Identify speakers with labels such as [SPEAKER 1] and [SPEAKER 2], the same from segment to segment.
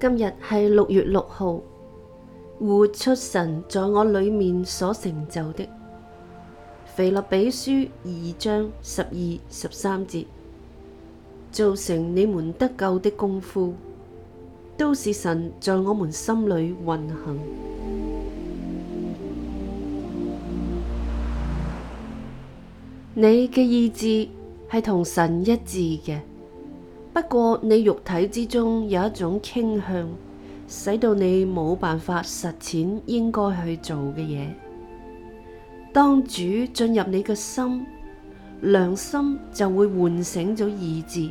[SPEAKER 1] 今日係六月六號，活出神在我裏面所成就的，腓立比書二章十二、十三節，做成你們得救的功夫，都是神在我們心裏運行。你嘅意志係同神一致嘅。不過你肉體之中有一種傾向，使到你冇辦法實踐應該去做嘅嘢。當主進入你嘅心，良心就會喚醒咗意志，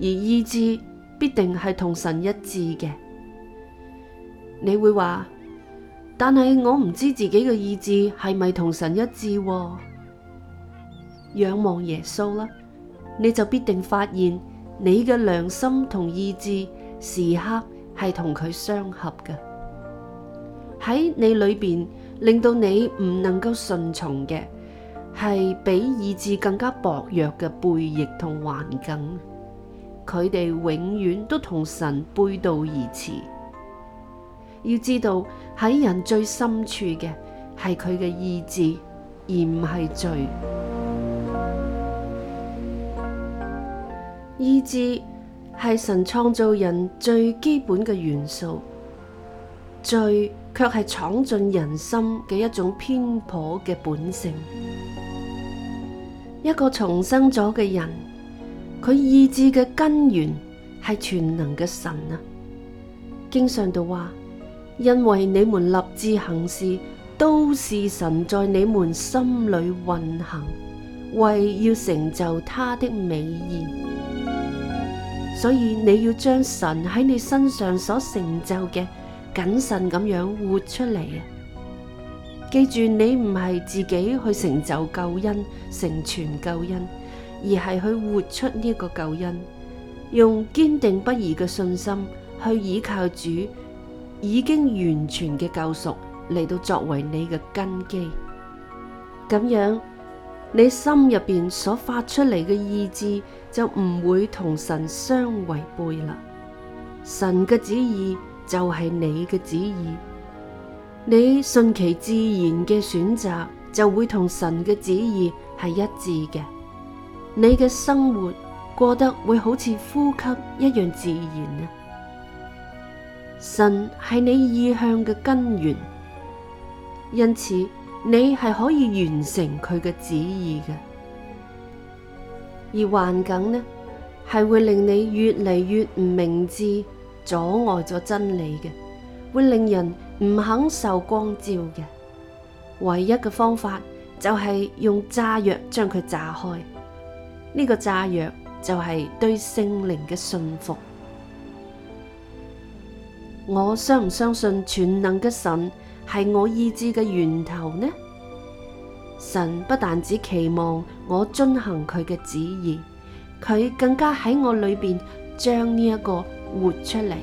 [SPEAKER 1] 而意志必定係同神一致嘅。你會話，但係我唔知自己嘅意志係咪同神一致啊？仰望耶穌啦，你就必定發現。你嘅良心同意志，時刻係同佢相合嘅，喺你裏邊令到你唔能夠順從嘅，係比意志更加薄弱嘅背逆同環境，佢哋永遠都同神背道而馳。要知道，喺人最深處嘅係佢嘅意志，而唔係罪。意志係神創造人最基本嘅元素，罪卻係闖進人心嘅一種偏頗嘅本性。一個重生咗嘅人，佢意志嘅根源係全能嘅神啊！經上都話：因為你們立志行事，都是神在你們心裏運行，為要成就他的美意。所以你要將神喺你身上所成就嘅謹慎咁樣活出嚟啊！記住，你唔係自己去成就救恩、成全救恩，而係去活出呢個救恩，用堅定不移嘅信心去依靠主已經完全嘅救贖嚟到作為你嘅根基。咁樣。你心入邊所發出嚟嘅意志就唔會同神相違背啦，神嘅旨意就係你嘅旨意，你順其自然嘅選擇就會同神嘅旨意係一致嘅，你嘅生活過得會好似呼吸一樣自然啊！神係你意向嘅根源，因此。你係可以完成佢嘅旨意嘅，而幻境呢係會令你越嚟越唔明智，阻礙咗真理嘅，會令人唔肯受光照嘅。唯一嘅方法就係用炸藥將佢炸開，呢個炸藥就係對聖靈嘅信服。我相唔相信全能嘅神？係我意志嘅源頭呢？神不但只期望我遵行佢嘅旨意，佢更加喺我裏邊將呢一個活出嚟。